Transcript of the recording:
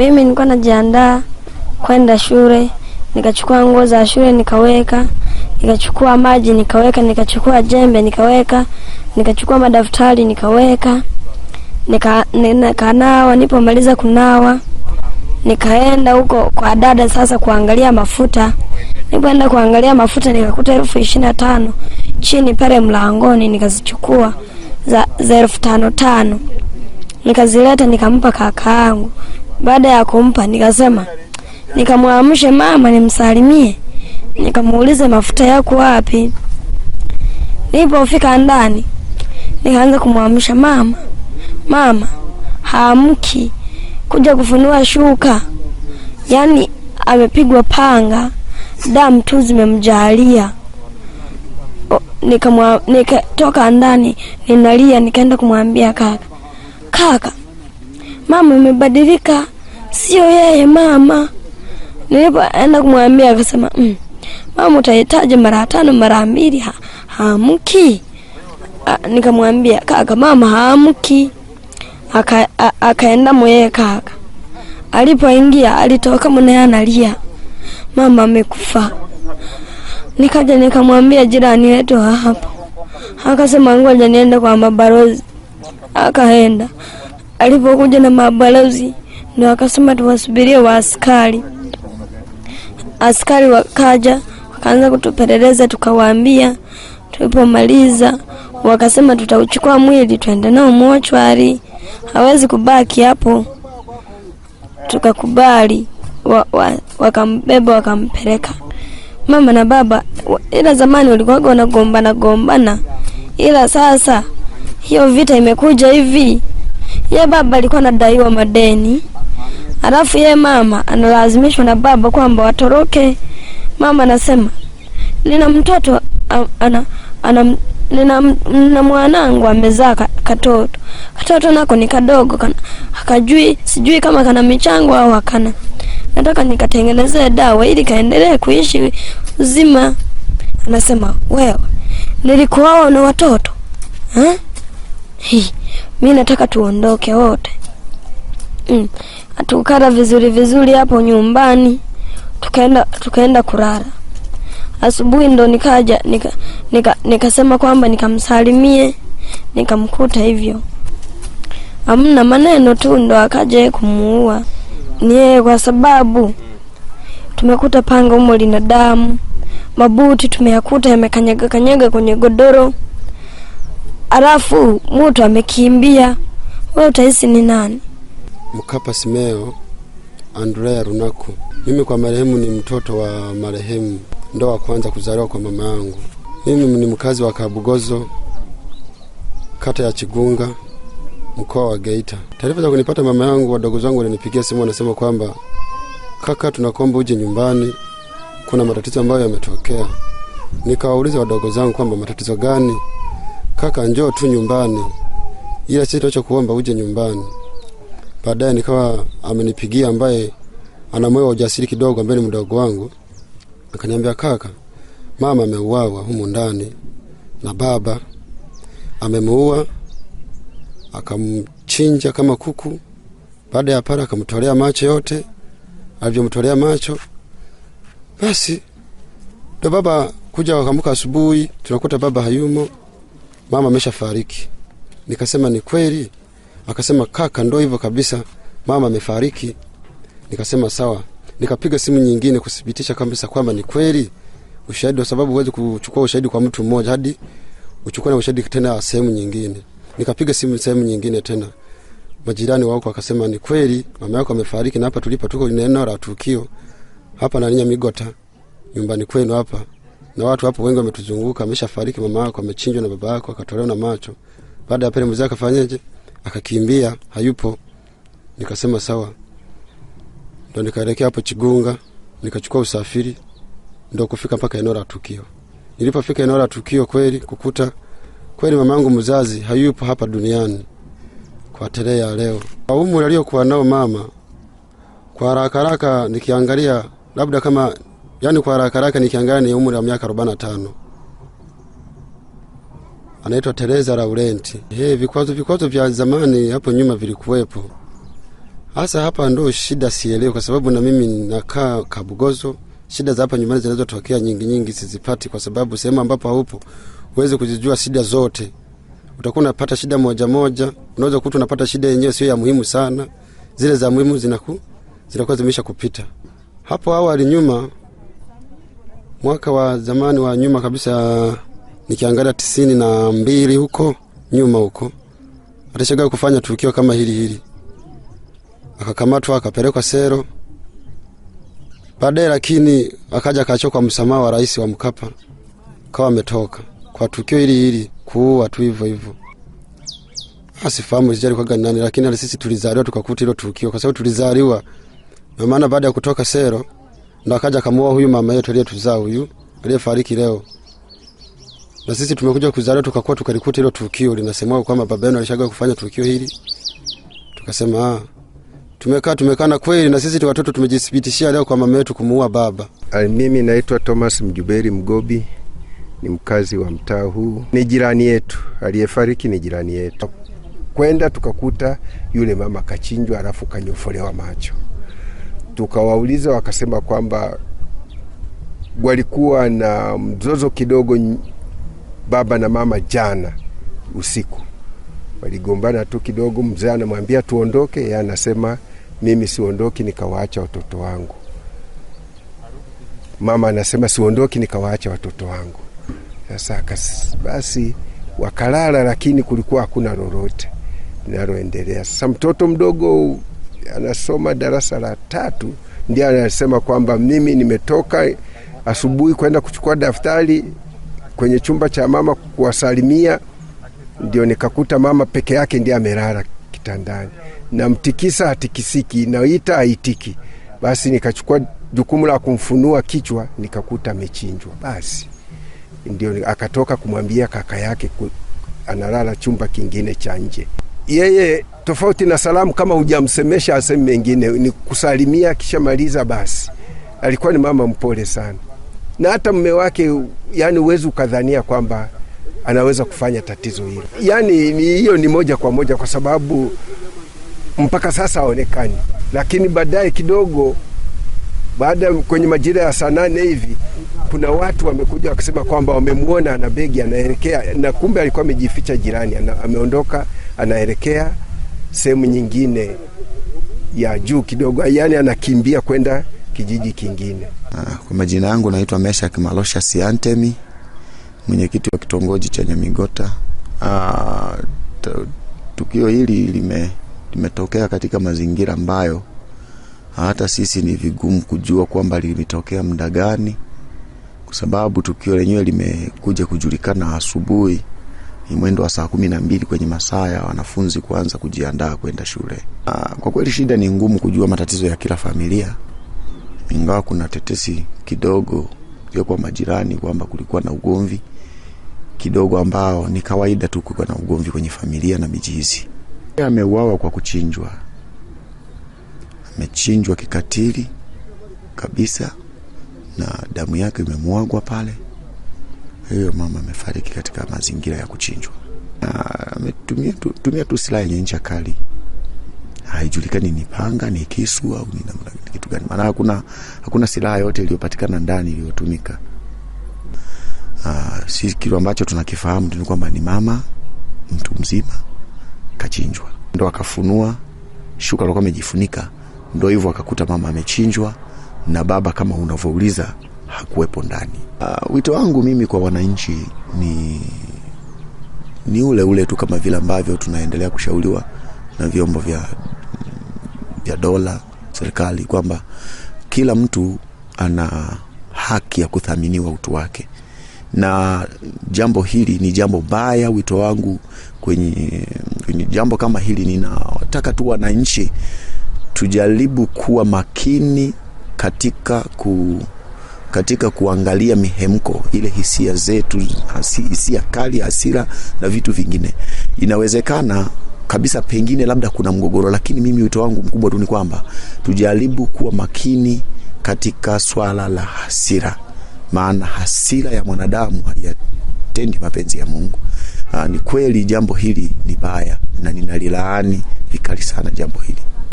Mimi nilikuwa najiandaa kwenda shule, nikachukua nguo za shule nikaweka, nikachukua maji nikaweka, nikachukua jembe nikaweka, nikachukua madaftari nikaweka, nikanawa. Nilipomaliza kunawa, nikaenda huko kwa dada sasa kuangalia mafuta. Nilipoenda kuangalia mafuta nikakuta elfu ishirini na tano chini pale mlangoni, nikazichukua za, za elfu tano tano nikazileta nikampa kaka yangu. Baada ya kumpa nikasema, nikamwamshe mama nimsalimie, nikamuulize mafuta yako wapi. Nilipofika ndani nikaanza kumwamsha mama, mama haamki, kuja kufunua shuka, yaani amepigwa panga, damu tu zimemjalia. Nikamwa nikatoka ndani ninalia, nikaenda kumwambia kaka, kaka, mama imebadilika, sio yeye mama. Nilipoenda kumwambia akasema mm, mama utahitaji mara tano mara mbili ha, haamki. Nikamwambia kaka, mama haamki. Aka, akaenda mweye kaka. Alipoingia alitoka mwanaye analia, mama amekufa. Nikaja nikamwambia jirani wetu hapo, akasema ngoja niende kwa mabalozi. Akaenda, alipokuja na mabalozi ndo wakasema tuwasubirie wa Askari Askari wakaja wakaanza kutupeleleza, tukawaambia tulipomaliza, wakasema tutauchukua mwili twende nao mochwari, hawezi kubaki hapo. Tukakubali wa, wa, wakambeba wakampeleka mama na baba. Ila zamani walikuwa wanagombana gombana, ila sasa hiyo vita imekuja hivi. Ye baba alikuwa anadaiwa madeni Alafu ye mama analazimishwa na baba kwamba watoroke. Mama anasema nina mtoto ana, ana, nina, nina mwanangu amezaa ka, katoto katoto nako ni kadogo kana, akajui sijui kama kana michango au hakana. Nataka nikatengenezee dawa ili kaendelee kuishi uzima. Anasema wewe, nilikuoa na watoto eh? Mimi nataka tuondoke wote mm tukala vizuri vizuri hapo nyumbani, tukaenda tukaenda kulala. Asubuhi ndo nikaja nikasema nika, nika kwamba nikamsalimie, nikamkuta hivyo, amna maneno tu, ndo akaja kumuua niye, kwa sababu tumekuta panga humo lina damu, mabuti tumeyakuta yamekanyaga kanyaga kwenye godoro, alafu mtu amekimbia. Wewe utahisi ni nani? Mkapa Simeo Andrea Runaku. Mimi kwa marehemu ni mtoto wa marehemu, ndo wa kwanza kuzaliwa kwa mama yangu. Mimi ni mkazi wa Kabugozo, kata ya Chigunga, mkoa wa Geita. Taarifa za kunipata mama yangu, wadogo zangu walinipigia simu, wanasema kwamba kaka, tunakomba uje nyumbani, kuna matatizo ambayo yametokea. Nikawauliza wadogo zangu kwamba matatizo gani? Kaka, njoo tu nyumbani, ila sisi tunachokuomba uje nyumbani baadaye nikawa amenipigia ambaye ana moyo wa ujasiri kidogo, ambaye ni mdogo wangu, akaniambia kaka, mama ameuawa humu ndani na baba amemuua, akamchinja kama kuku. Baada ya pale akamtolea macho yote, alivyomtolea macho basi ndo baba kuja, wakamuka asubuhi, tunakuta baba hayumo, mama ameshafariki. Nikasema ni kweli Akasema kaka, ndo hivyo kabisa, mama amefariki. Nikasema sawa, nikapiga simu nyingine kuthibitisha kabisa kwamba ni kweli ushahidi, kwa sababu huwezi kuchukua ushahidi kwa mtu mmoja hadi uchukue na ushahidi tena sehemu nyingine. Nikapiga simu sehemu nyingine tena, majirani wako akasema ni kweli mama yako amefariki, na hapa tulipo tuko ni eneo la tukio hapa na Nyamigota, nyumbani kwenu hapa, na watu hapo wengi wametuzunguka. Ameshafariki mama yako, amechinjwa na baba yako akatolewa na macho. Baada ya pale mzee akafanyaje? akakimbia, hayupo. Nikasema sawa, ndo nikaelekea hapo Chigunga, nikachukua usafiri ndo kufika mpaka eneo la tukio. Nilipofika eneo la tukio kweli kukuta kweli mama yangu mzazi hayupo hapa duniani kwa tarehe ya leo. Umri aliyokuwa nao mama, kwa haraka haraka nikiangalia, labda kama yani, kwa haraka haraka nikiangalia ni umri wa miaka 45 anaitwa Teresa Laurenti. Hey, eh, vikwazo vikwazo vya zamani hapo nyuma vilikuwepo, hasa hapa ndo shida sielewi, kwa sababu na mimi nakaa Kabugozo. Shida za hapa nyumbani zinazotokea nyingi nyingi sizipati, kwa sababu sehemu ambapo haupo huwezi kuzijua shida zote. Utakuwa unapata shida moja moja, unaweza kukuta unapata shida yenyewe sio ya muhimu sana, zile za muhimu zinaku zinakuwa zimesha kupita. Hapo awali nyuma, mwaka wa zamani wa nyuma kabisa nikiangalia tisini na mbili huko nyuma huko atashaga kufanya tukio kama hili hili, akakamatwa akapelekwa sero. Baadaye lakini akaja akachokwa msamaha wa rais wa Mkapa, kawa ametoka kwa tukio hili hili, kuua tu hivyo hivyo. Asifahamu ah, sijali kwa gani lakini sisi tulizaliwa tukakuta hilo tukio, kwa sababu tulizaliwa na maana. Baada ya kutoka sero, ndo akaja akamuoa huyu mama yetu aliyetuzaa huyu aliyefariki leo na sisi tumekuja kuzaliwa tukakuwa tukalikuta hilo tukio linasemwa kwamba baba yenu alishaga kufanya tukio hili, tukasema ah, tumekaa na kweli, na sisi watoto tumejithibitishia leo kwa mama yetu kumuua baba. Mimi naitwa Thomas Mjuberi Mgobi, ni mkazi wa mtaa huu, ni jirani yetu, aliyefariki ni jirani yetu. Kwenda tukakuta yule mama kachinjwa, alafu kanyofolewa macho. Tukawauliza wakasema kwamba walikuwa na mzozo kidogo baba na mama jana usiku waligombana tu kidogo. Mzee anamwambia tuondoke, yeye anasema mimi siondoki nikawaacha watoto wangu. Mama anasema siondoki nikawaacha watoto wangu. Sasa basi wakalala, lakini kulikuwa hakuna lolote linaloendelea. Sasa mtoto mdogo anasoma darasa la tatu ndio anasema kwamba mimi nimetoka asubuhi kwenda kuchukua daftari kwenye chumba cha mama kuwasalimia, ndio nikakuta mama peke yake ndiye amelala kitandani, namtikisa atikisiki naita aitiki. Basi nikachukua jukumu la kumfunua kichwa, nikakuta amechinjwa. Basi ndio akatoka kumwambia kaka yake analala chumba kingine cha nje. Yeye tofauti na salamu, kama hujamsemesha asemi mengine, ni kusalimia kisha maliza. Basi alikuwa ni mama mpole sana na hata mme wake, yani huwezi ukadhania kwamba anaweza kufanya tatizo hilo. Yani hiyo ni moja kwa moja, kwa sababu mpaka sasa haonekani, lakini baadaye kidogo, baada kwenye majira ya saa nane hivi, kuna watu wamekuja wakisema kwamba wamemwona ana begi anaelekea, na kumbe alikuwa amejificha jirani, ameondoka anaelekea sehemu nyingine ya juu kidogo, yani anakimbia kwenda kijiji kingine. Ah, kwa majina yangu naitwa Mesha kimalosha Siantemi, mwenyekiti wa kitongoji cha Nyamigota. Ah, tukio hili lime, limetokea katika mazingira ambayo hata sisi ni vigumu kujua kwamba limetokea muda gani, kwa sababu tukio lenyewe limekuja kujulikana asubuhi ni mwendo wa saa kumi na mbili kwenye masaa ya wanafunzi kuanza kujiandaa kwenda shule. Ah, kwa kweli shida ni ngumu kujua matatizo ya kila familia ingawa kuna tetesi kidogo ya kwa majirani kwamba kulikuwa na ugomvi kidogo ambao ni kawaida tu kulikuwa na ugomvi kwenye familia na miji hizi. Ameuawa kwa kuchinjwa, amechinjwa kikatili kabisa na damu yake imemwagwa pale. Hiyo mama amefariki katika mazingira ya kuchinjwa, na ametumia tu, tumia tu silaha yenye ncha kali, haijulikani ni panga, ni kisu au ni namna kitu gani, maana hakuna hakuna silaha yote iliyopatikana ndani iliyotumika. Uh, ah, sisi kitu ambacho tunakifahamu ni kwamba ni mama mtu mzima kachinjwa, ndo akafunua shuka alikuwa amejifunika, ndo hivyo akakuta mama amechinjwa na baba kama unavyouliza hakuwepo ndani. Ah, wito wangu mimi kwa wananchi ni ni ule ule tu kama vile ambavyo tunaendelea kushauriwa na vyombo vya, vya dola serikali kwamba kila mtu ana haki ya kuthaminiwa utu wake, na jambo hili ni jambo baya. Wito wangu kwenye, kwenye jambo kama hili, ninawataka tu wananchi tujaribu kuwa makini katika ku katika kuangalia mihemko ile, hisia zetu, hisia kali, hasira na vitu vingine. Inawezekana kabisa, pengine labda kuna mgogoro, lakini mimi wito wangu mkubwa tu ni kwamba tujaribu kuwa makini katika swala la hasira, maana hasira ya mwanadamu haiyatendi mapenzi ya Mungu. Aa, ah, ni kweli jambo hili ni baya na ninalilaani vikali sana jambo hili.